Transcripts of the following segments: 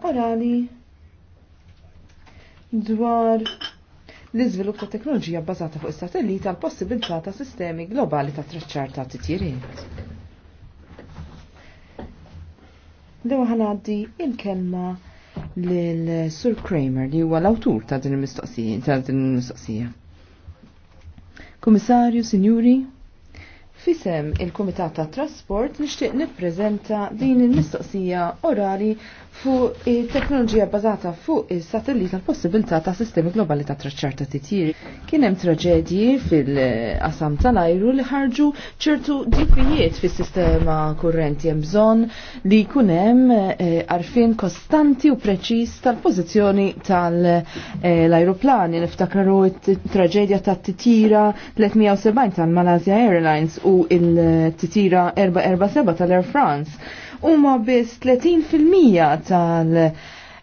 Parali dwar l-iżvilupp ta' teknoloġija bbażata fuq is-satellit għal possibilità ta' sistemi globali ta' traċċar ta' titjiriet. Dew ħanaddi il-kelma lil Sur Kramer li huwa l-awtur ta' din il-mistoqsija. Kummissarju, Sinjuri, Fisem il-Kumitat ta' Trasport nixtieq nippreżenta din il-mistoqsija orali fuq it-teknoloġija bażata fuq is-satellit l possibilità ta' sistemi globali ta' traċċar ta' titjiri. Kien hemm traġedji fil-qasam tal-ajru li ħarġu ċertu diffijiet fis-sistema kurrenti hemm bżonn li jkun hemm eh, għarfien kostanti u preċiż tal-pożizzjoni tal-ajruplani niftakaru t-traġedja tat-titjira 370 tal-Malaysia Airlines u il-titira 447 tal-Air France huma biss 30% tal-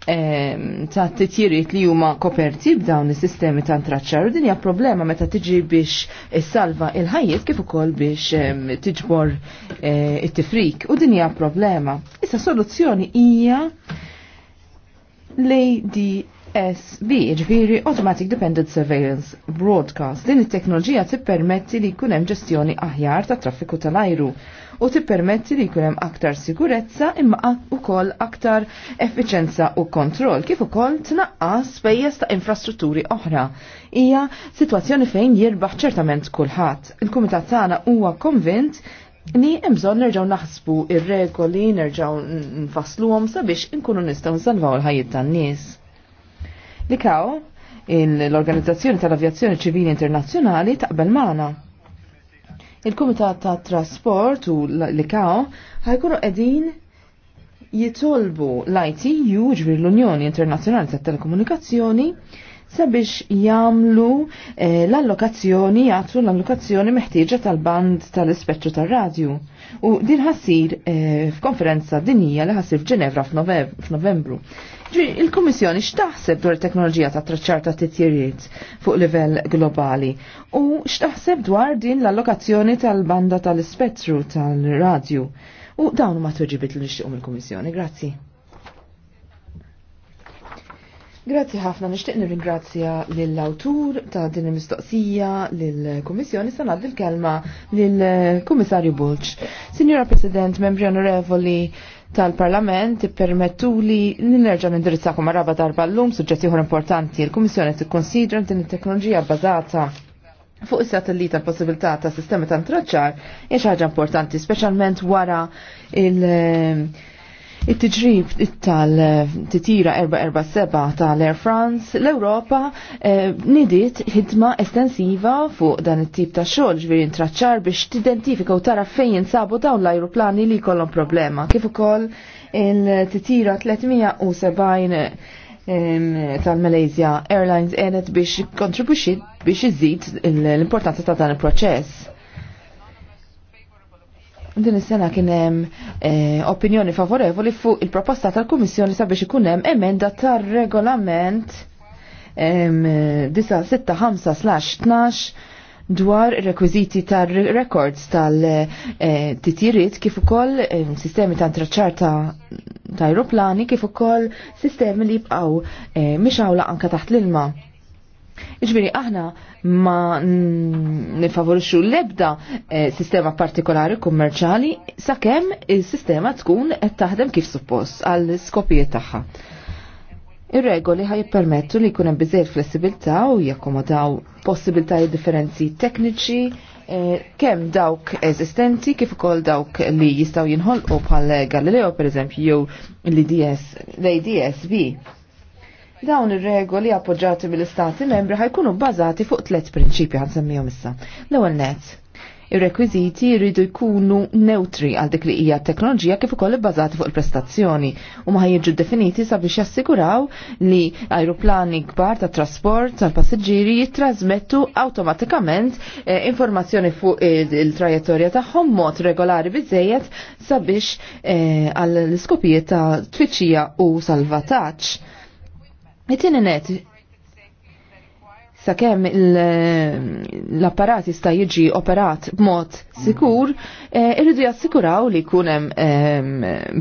ehm, ta' titjiriet li huma koperti b'dawn is-sistemi ta' traċċar u din hija problema meta tiġi biex salva il-ħajjiet kif ukoll biex ehm, tiġbor eh, it-tifrik u din hija problema. Issa soluzzjoni hija lej di SB, ġviri Automatic Dependent Surveillance Broadcast. Din it-teknoloġija tippermetti li kunem ġestjoni aħjar ta' traffiku tal-ajru u tippermetti li kunem aktar sigurezza imma ukoll aktar effiċenza u kontroll kif ukoll tnaqqas spejjeż ta' infrastrutturi oħra. Hija sitwazzjoni fejn jirbaħ ċertament kulħadd. Il-kumitat tagħna huwa konvint Ni imżon nerġaw naħsbu ir-regoli, nerġaw nfasluhom sabiex inkunu nistgħu nsalvaw l-ħajjiet tan-nies. L-ICAO, l-Organizzazzjoni tal-Avjazzjoni Ċivili Internazzjonali, taqbel Mana. Il-Kumitat ta' Trasport u l-ICAO ħajkunu qegħdin jitolbu l-ITU ġbir l-Unjoni Internazzjonali tat Telekomunikazzjoni sabiex jamlu eh, l-allokazzjoni, jgħatru l-allokazzjoni meħtieġa tal-band tal-ispettru tal-radju. U din ħassir eh, f'konferenza dinija li ħassir f'Ġenevra f'Novembru. Il-Komissjoni x'taħseb dwar teknoloġija ta' traċċar ta' titjiriet fuq livell globali u x'taħseb dwar din l-allokazzjoni tal-banda tal-ispettru tal-radju. U dawn ma tuġibit l-nixtiqum il-Komissjoni. Grazzi. Grazzi ħafna, nishtiq nirringrazzja lill-awtur ta' din il-mistoqsija lill-Kummissjoni sa ngħaddi l-kelma lill-Kummissarju Bulċ. Signora President, membri onorevoli tal-Parlament, permettuli li nerġa' nindirizzakom marraba darba llum suġġetti ieħor importanti. l kummissjoni tikkonsidra din it-teknoloġija bbażata fuq is-satellita l-possibilità ta' sistemi ta' traċċar hija ħaġa importanti, speċjalment wara il- It-tiġrib tal-titira 447 tal-Air France, l-Europa eh, nidiet ħidma estensiva fuq dan it-tip ta' xogħol ġviri intraċċar biex tidentifika u tara fejn jinsabu dawn l-ajruplani li jkollhom problema. Kif ukoll il-titira 370 tal-Malaysia Airlines għenet biex kontribuxi biex iżid l-importanza ta' dan il-proċess. Din is-sena kien hemm eh, opinjoni favorevoli fuq il-proposta tal-Kummissjoni sabiex ikun hemm emenda tar-regolament 965/12 dwar rekwiziti tar records tal-titjiriet eh, kif ukoll sistemi ta' traċċar ta' aeroplani kif ukoll sistemi li jibqgħu hawnla eh, anke taħt l-ilma Iġbiri, aħna ma nifavorixu l-ebda eh, sistema partikolari kummerċali sakemm il-sistema tkun qed taħdem kif suppost għal skopijiet tagħha. Ir-regoli ħaj jippermettu li jkun hemm biżejjed flessibilità u jakkomodaw possibilitajiet differenzi tekniċi kem eh, kemm dawk eżistenti kif ukoll dawk li jistgħu jinħolqu bħal Galileo pereżempju jew l-IDS, l-IDSB. Dawn ir-regoli appoġġati mill-Istati membri ħajkunu bbażati fuq tliet prinċipji semmihom issa. L-ewwel nett, ir-rekwiżiti jridu jkunu neutri għal dik li hija teknoloġija kif ukoll bbażati fuq il-prestazzjoni u ma ħajġu definiti sabiex jassiguraw li ajruplani kbar ta' trasport tal-passiġġieri jittrażmettu awtomatikament eh, informazzjoni fuq il-trajettorja tagħhom mod regolari biżejjed sabiex eh, għall iskopijiet ta' tfittxija u salvataġġ It-tieni net, sakemm l-apparat jista' jiġi operat b'mod sikur, eh, irridu jassikuraw li jkun hemm ehm,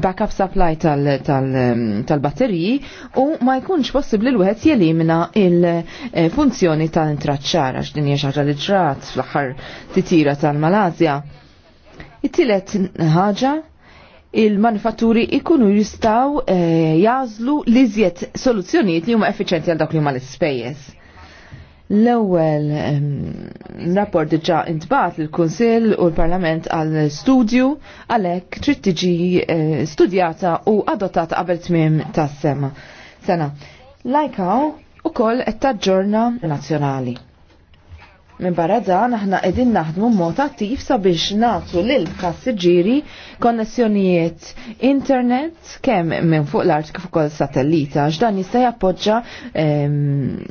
backup supply tal-batteriji u ma jkunx possibbli l-wieħed jelimina il-funzjoni eh, tal-intraċċar għax din hija ħaġa li ġrat fl-aħħar titira tal-Malazja. It-tielet ħaġa il-manifatturi ikunu jistaw eh, jazlu li soluzzjoniet soluzzjonijiet li huma effiċenti għal dak li huma l-ispejjeż. L-ewwel ehm, rapport diġà intbat lill kunsill u l-Parlament għal studju għalhekk trid tiġi eh, studjata u adottata qabel tmiem tas-sema. Sena, lajkaw ukoll qed taġġorna nazzjonali. Min barra dan aħna qegħdin naħdmu mod attiv sabiex nagħtu lil passiġġieri konnessjonijiet internet kemm minn fuq l-art kif ukoll satellita għax dan jista' jappoġġa ehm,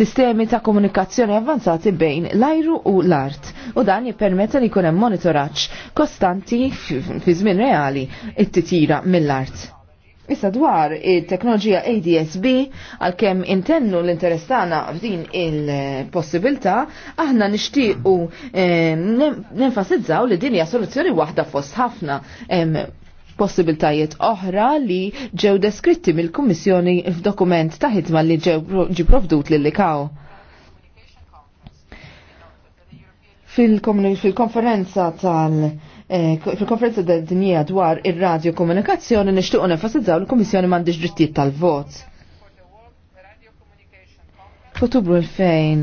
sistemi ta' komunikazzjoni avvanzati bejn l-ajru u l-art u dan jippermetta li jkun hemm monitoraġġ kostanti fi żmien reali t titira mill-art. Issa dwar il-teknoloġija ADSB għal-kem intennu l interessana f'din il-possibilità, aħna nixtiequ eh, nenfasizzaw li din hija soluzzjoni waħda fost ħafna possibiltajiet oħra li ġew deskritti mill-Kummissjoni f'dokument ta' ħidma li ġew ġiprovdut lill-likaw. Fil-konferenza tal- Eh, fil-konferenza ta' dinja dwar ir-radio komunikazzjoni nixtuq nefasizzaw l komissjoni mandiġ drittijiet tal-vot. l fejn.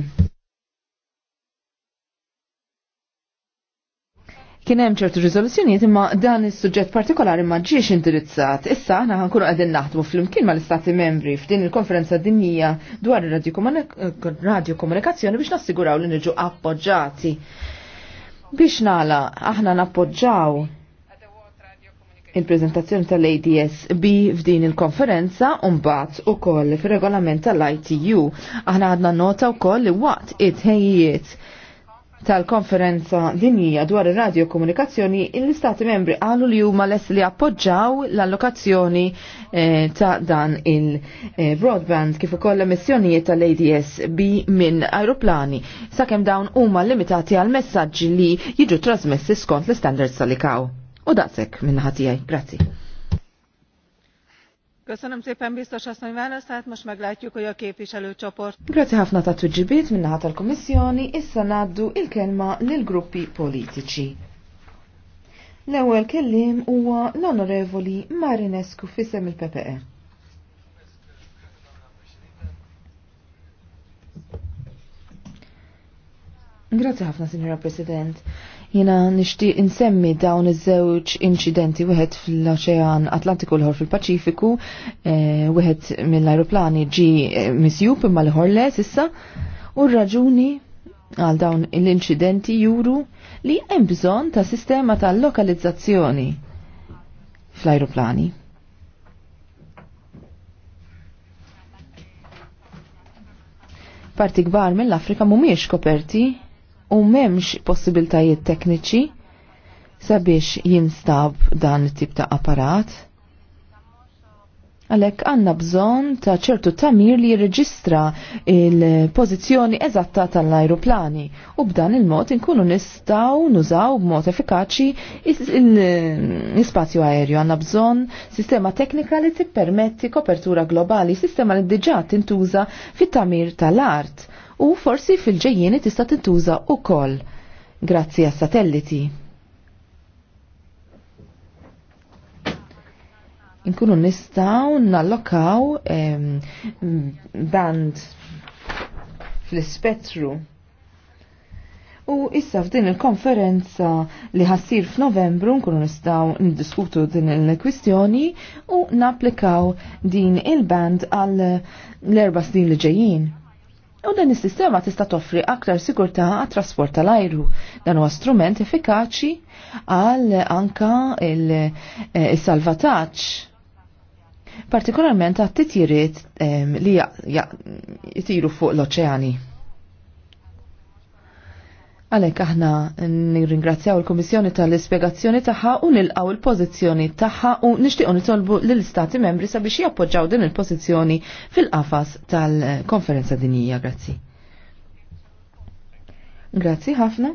Kien hemm ċertu riżoluzzjonijiet imma dan is-suġġett partikolari ma ġiex indirizzat. Issa aħna ħankunu qegħdin naħdmu flimkien mal-Istati Membri f'din il-konferenza dinjija dwar ir Komunikazzjoni biex nassiguraw li niġu appoġġati Biex nala, aħna nappoġġaw il-prezentazzjoni tal-ADSB f'din il-konferenza unbat u koll fil-regolament tal-ITU. Aħna għadna nota u koll li waqt it-ħejiet tal-konferenza dinjija dwar ir-radio komunikazzjoni, l-istati membri għalu li huma lest li appoġġaw l-allokazzjoni eh, ta' dan il-broadband eh, kif ukoll emissjonijiet tal-ADS-B minn aeroplani sakemm dawn huma limitati għal messaġġi li jiġu trasmessi skont l-standards tal-ikaw. U daqshekk minn ħatijaj. Grazzi. Köszönöm szépen biztos asszony választát, most meglátjuk, hogy a képviselőcsoport. Grazie ħafna ta' tuġibit minnaħat tal-Komissjoni, issa naddu il-kelma lil-gruppi politiċi. L-ewwel kellim huwa l-Onorevoli Marinescu fissem il-PPE. Grazie ħafna, Signora President. Jina nishtiq insemmi dawn iż-żewġ incidenti wieħed fl-Oċean Atlantiku l-ħor fil-Paċifiku, eh, wieħed mill-ajruplani ġi eh, misjub imma l-ħor les issa, u r-raġuni għal dawn l-incidenti juru li hemm bżonn ta' sistema ta' lokalizzazzjoni fl-ajruplani. Parti kbar mill-Afrika mhumiex koperti u memx possibiltajiet tekniċi sabiex jinstab dan it-tip ta' apparat. Għalek għanna bżon ta' ċertu tamir li jirreġistra il-pozizjoni eżatta tal-aeroplani u b'dan il-mod inkunu nistaw nużaw b'mod effikaċi l-spazju aerju. Għanna bżon sistema teknika li tippermetti kopertura globali, sistema li d-dġat tintuża fit-tamir tal-art u forsi fil ġejjeni tista' tintuża wkoll grazzi għas satelliti. Inkunu nistaw nallokaw band fl-spettru. U issa f'din il-konferenza li ħassir f'Novembru nkunu nistgħu niddiskutu din il-kwistjoni u napplikaw din il-band għal l-erba snin li ġejjin. U dan is-sistema tista' toffri aktar sigurtà għat-trasport tal-ajru. Dan huwa strument effikaċi għal anka il-salvataġġ eh, partikolarment għat-titjiriet ehm, li jtiru fuq l-oċeani. Għalek aħna nirringrazzjaw il-Komissjoni tal-ispiegazzjoni tagħha u nilqaw il-pożizzjoni tagħha u nixtiequ nitolbu lill-Istati membri sabiex jappoġġaw din il-pożizzjoni fil-qafas tal-Konferenza dinija. Grazzi. Grazzi ħafna.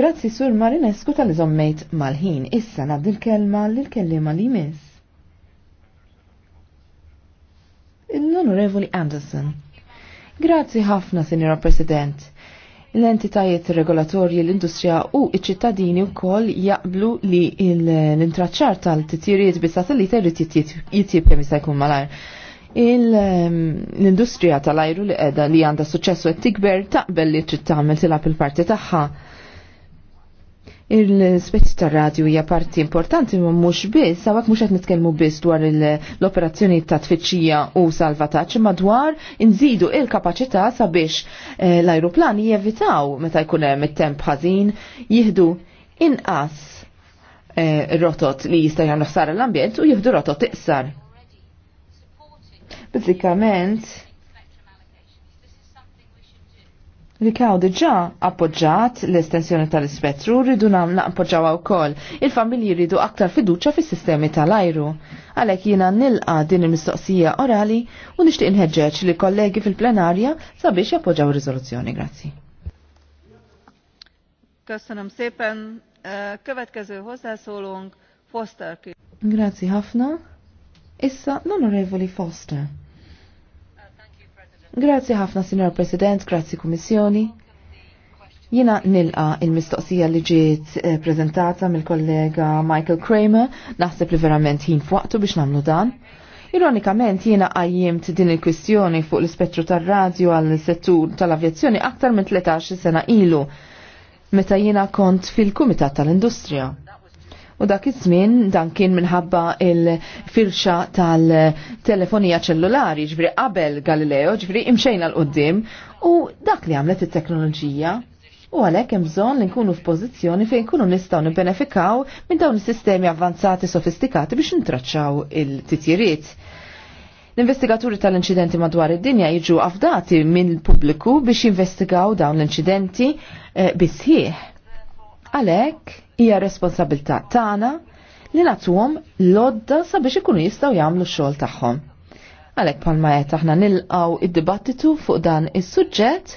Grazzi Sur Marinesku tal-iżommejt mal-ħin. Issa nad il-kelma lill-kellima li jmiss. L-Onorevoli Anderson. Grazzi ħafna, Sinjora President l-entitajiet regolatorji l-industrija u iċ-ċittadini wkoll jaqblu li l-intraċċar tal-titjiriet bis satellite jrid jitjib kemm se jkun malajr. L-industrija tal-ajru li qiegħda li għandha suċċessu qed tikber taqbel li trid tagħmel tilab il-parti tagħha Il-spezzi tar radju hija parti importanti ma mhux biss, sawak mhux qed nitkellmu biss dwar l-operazzjoni ta' tfittxija u salvataġġ ma dwar inżidu il-kapaċità sabiex eh, l-ajruplani jevitaw meta jkun hemm it-temp ħażin jieħdu inqas eh, rotot li jista' jagħmlu l-ambjent u jieħdu rotot iqsar. Bizzikament, Rikaw diġa appoġġat l-estensjoni tal-ispettru rridu namna appoġġaw kol. Il-familji rridu aktar fiduċa fis-sistemi tal-ajru. Għalhekk jiena nilqa din il-mistoqsija orali u nixtieq inħedġeċ li kollegi fil-plenarja sabiex jappoġġaw riżoluzzjoni. Grazzi. Köszönöm szépen. Következő hozzászólónk Foster. Grazzi ħafna. Issa l-Onorevoli Foster. Grazzi ħafna, Sinjor President, grazzi Kummissjoni. Jina nilqa il-mistoqsija li ġiet eh, prezentata mill-kollega Michael Kramer, naħseb li verament ħin fuqtu biex namlu dan. Ironikament jiena għajjimt din il-kwistjoni fuq l spettru tar-radju għal settur tal-avjazzjoni aktar minn 13 sena ilu meta jiena kont fil-Kumitat tal-Industrija. U dak iż-żmien dan kien minħabba il-firxa tal-telefonija ċellulari, ġifri qabel Galileo, ġifri imxejna l-qoddim, u dak li għamlet it-teknoloġija u għalhekk hemm bżonn li nkunu f'pożizzjoni fejn nkunu nistgħu nibbenefikaw minn dawn is-sistemi avvanzati sofistikati biex ntraċċaw il-titjiriet. L-investigaturi tal-inċidenti madwar id-dinja jiġu afdati minn pubbliku biex jinvestigaw dawn l-inċidenti eh, bisħieħ. Għalhekk hija responsabilità tagħna li nagħtuhom lodda sabiex ikunu jistgħu jagħmlu x-xogħol tagħhom. Għalhekk bħalma qed aħna nilqgħu id-dibattitu fuq dan is-suġġett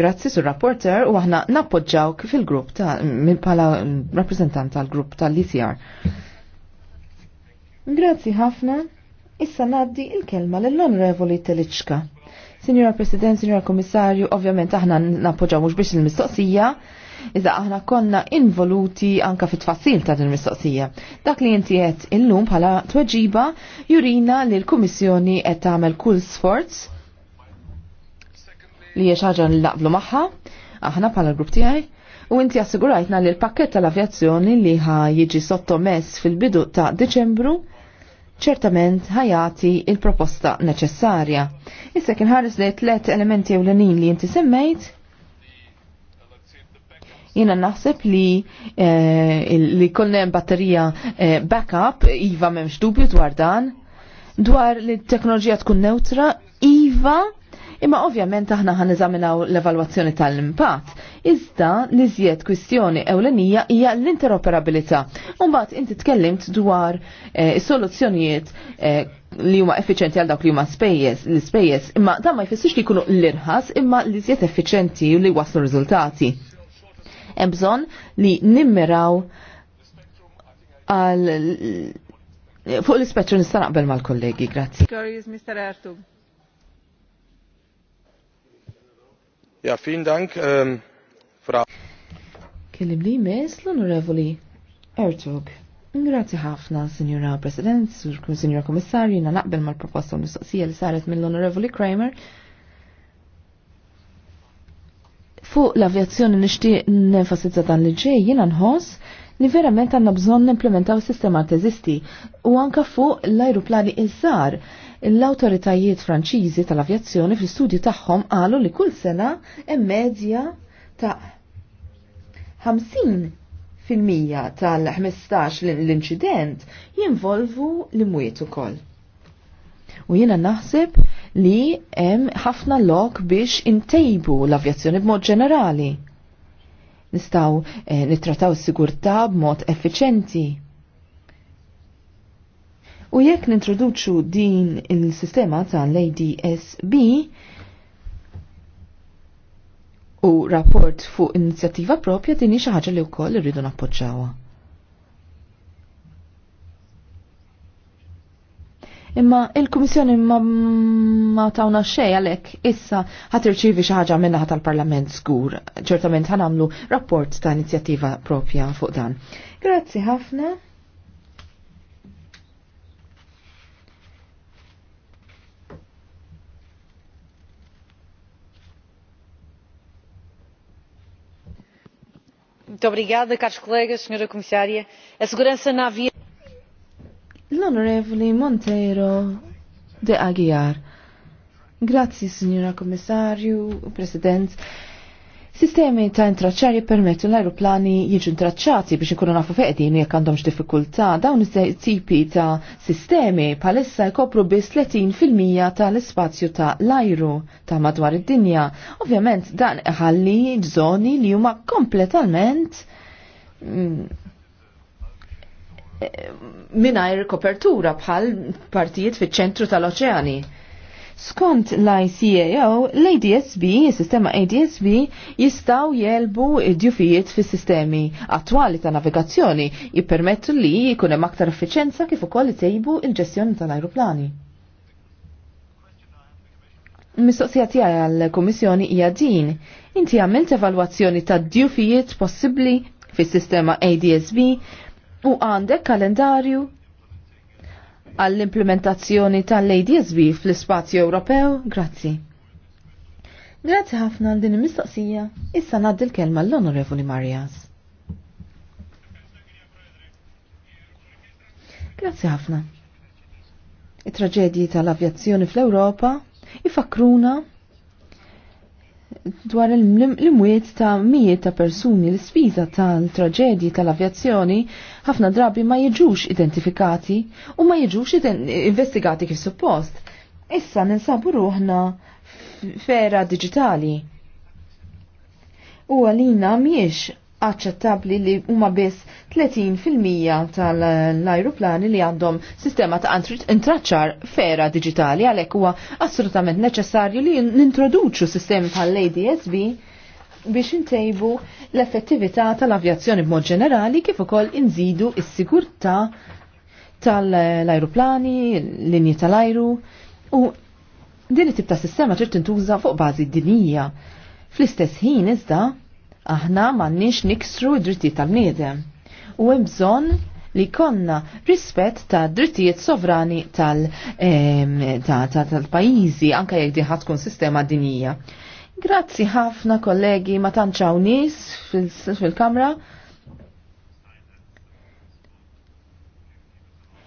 Grazzi sur rapporter u aħna nappoġġawk fil-grupp ta' minn pala mm, rappresentant tal-grupp tal-ICR. Grazzi ħafna. Issa naddi il-kelma l-Onorevoli Teliċka. Signora President, Signora Komissarju, ovvjament aħna nappoġġaw mhux biex il-mistoqsija, iżda aħna konna involuti anka fit tfassil ta' din mistoqsija. Dak li inti qed illum bħala tweġiba jurina li l-Kummissjoni qed tagħmel kull sforz li hija ħaġa li magħha, aħna bħala l-grupp tiegħi, u inti assigurajtna li l-pakket tal-avjazzjoni li ħa jiġi sottomess fil-bidu ta' Deċembru ċertament ħajati il-proposta neċessarja. Issa kien ħares li tlet elementi ewlenin li inti semmejt Jena naħseb li eh, li kollem batterija eh, backup, Iva memx dubju dwar dan, dwar li t-teknoloġija tkun neutra, Iva imma ovvjament aħna ħan eżaminaw l-evalwazzjoni tal-impatt. Iżda niżjed kwistjoni ewlenija hija l-interoperabilità. Mbagħad inti tkellimt dwar is eh, soluzzjonijiet li huma effiċenti għal dawk li huma spejjeż l-ispejjeż, imma dan ma jfissirx li jkunu l-irħas imma li żjed effiċenti u li waslu riżultati ebżon li nimmiraw għal fuq l-ispettru nista' naqbel mal-kollegi, grazzi. Mr. Ertug. Ja, fin Dank, ähm, fra. Kellim li mes l-onorevoli Ertug. Grazzi ħafna, Signora President, Signora Commissari, na naqbel mal-proposta u mistoqsija li saret mill-Onorevoli Kramer Fuq l-avjazzjoni nixtieq nenfasizza dan li ġej jina nħoss li verament għandna bżonn nimplementaw sistema teżisti u anka fuq l-ajruplani iż-żar. L-awtoritajiet Franċiżi tal-avjazzjoni fl-istudju tagħhom qalu li kull sena hemm medja ta' 50 fil-mija tal-15 l-inċident jinvolvu l-imwiet ukoll. U jiena naħseb li hemm ħafna lok biex intejbu l-avjazzjoni b'mod ġenerali. Nistaw eh, nitrataw s-sigurtà b'mod effiċenti. U jekk nintroduċu din il-sistema tal-ADSB u rapport fuq inizjattiva propja din xi ħaġa li wkoll irridu nappoġġawha. Imma il-Kummissjoni ma, ma tawna xej għalek issa ħat irċivi xi ħaġa minnaħa tal-Parlament żgur. Ċertament ħanamlu rapport ta' inizjattiva propja fuq dan. Grazzi ħafna. Muito obrigada, caros colegas, senhora Comissária. A segurança na via l-Onorevoli Monteiro de Aguiar. Grazzi, Signora Kommissarju, President. Sistemi ta' intraċċar permettu l-aeroplani jiġu intraċċati biex ikunu nafu feqdin jekk għandhomx diffikultà. Dawn tipi ta' sistemi palissa jkopru biss 30% tal-ispazju ta' l-ajru ta' madwar id-dinja. Ovvjament dan iħalli żoni li huma kompletament mm, minajr kopertura bħal partijiet fiċ ċentru tal-oċeani. Skont l-ICAO, l-ADSB, il-sistema ADSB, jistaw jelbu id-djufijiet fis sistemi attwali ta' navigazzjoni jippermettu li jikunem aktar effiċenza kif ukoll jtejbu il-ġestjoni tal-ajruplani. Mistoqsija tiegħi għall-Kummissjoni hija din. Inti għamilt evalwazzjoni ta' djufijiet possibbli fis-sistema ADSB u għandek kalendarju għall-implementazzjoni tal-ADSB fl-Ispazju Ewropew? Grazzi. Grazzi ħafna għal din il-mistoqsija. Issa naddi l-kelma l-Onorevoli Marias. Grazzi ħafna. it traġedji tal-avjazzjoni fl-Ewropa ifakruna dwar l-imwiet ta' mijiet ta' persuni l-spiża tal-traġedji tal-avjazzjoni ħafna drabi ma jiġux identifikati u ma jiġux investigati kif suppost. Issa ninsabu ruħna fera digitali. U għalina miex aċċettabbli li huma biss 30% tal-ajruplani li għandhom sistema ta' intraċċar fera digitali għalhekk huwa assolutament neċessarju li nintroduċu sistemi bħall-ADSB biex intejbu l-effettività tal-avjazzjoni b'mod ġenerali kif ukoll inżidu s-sigurtà tal-ajruplani, linji tal-ajru u din it-tip ta' sistema trid tintuża fuq bażi dinija. Fl-istess ħin iżda Aħna m'għandniex niksru d-dritti tal-bniedem. U hemm bżonn li konna rispett ta' drittijiet sovrani tal-pajizi, ta, ta, ta, anka jek diħat tkun sistema dinija. Grazzi ħafna kollegi ma tanċaw nis fil-kamra.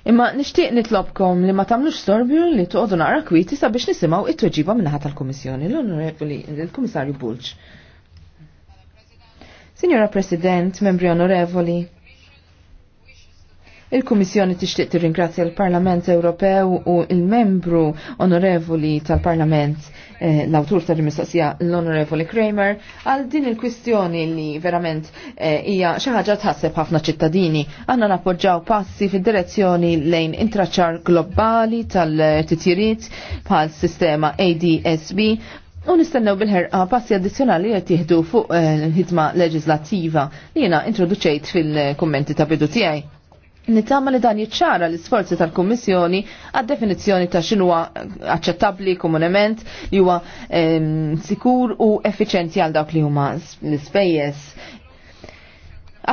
Imma nishtiq nitlobkom li ma tamlux sorbju li tuqodu naqra kwiti sabiex nisimaw it-tweġiba minnaħat tal-Komissjoni, l-Onorevoli, l-Komissarju Bulċ. Signora President, membri onorevoli, Il-Kummissjoni tixtieq tirringrazzja l-Parlament Ewropew u il-membru onorevoli tal-Parlament eh, l-awtur tal-mistoqsija l-onorevoli Kramer għal din il-kwistjoni li verament eh, hija eh, xi ħaġa tħasseb ħafna ċittadini. Għandna nappoġġaw passi fid-direzzjoni lejn Intraċar globali tal-titjiriet bħal sistema ADSB U nistennew bil-ħerqa passi addizzjonali għet jihdu fuq eh, l-ħidma leġislattiva li jiena introduċejt fil-kummenti ta' bidu tiegħi. Nittama li dan jiċċara l-isforzi tal-Kommissjoni għad definizzjoni ta' xinwa eh, aċċettabli komunement li huwa ehm, sikur u effiċenti għal dawk li huma l-ispejjeż.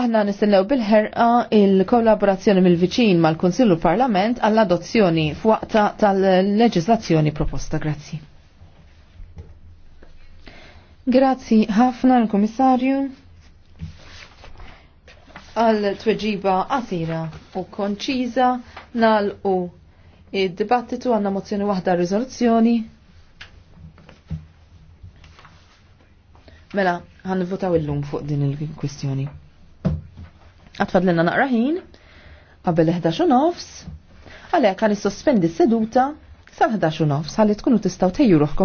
Aħna nistennew bil-ħerqa il-kollaborazzjoni mill-viċin mal-Konsillu Parlament għall-adozzjoni f'waqta tal-leġislazzjoni proposta. Grazzi. Grazzi ħafna l-Komissarju għal tweġiba qasira u konċiża nal u id-dibattitu għanna mozzjoni waħda rizoluzzjoni. Mela, għan votaw il-lum fuq din il-kwistjoni. Għatfad l-na naqraħin, għabel 11 nofs, għalek għan sospendi s-seduta sal-11 nofs għalli tkunu tistaw tejju ruħkom.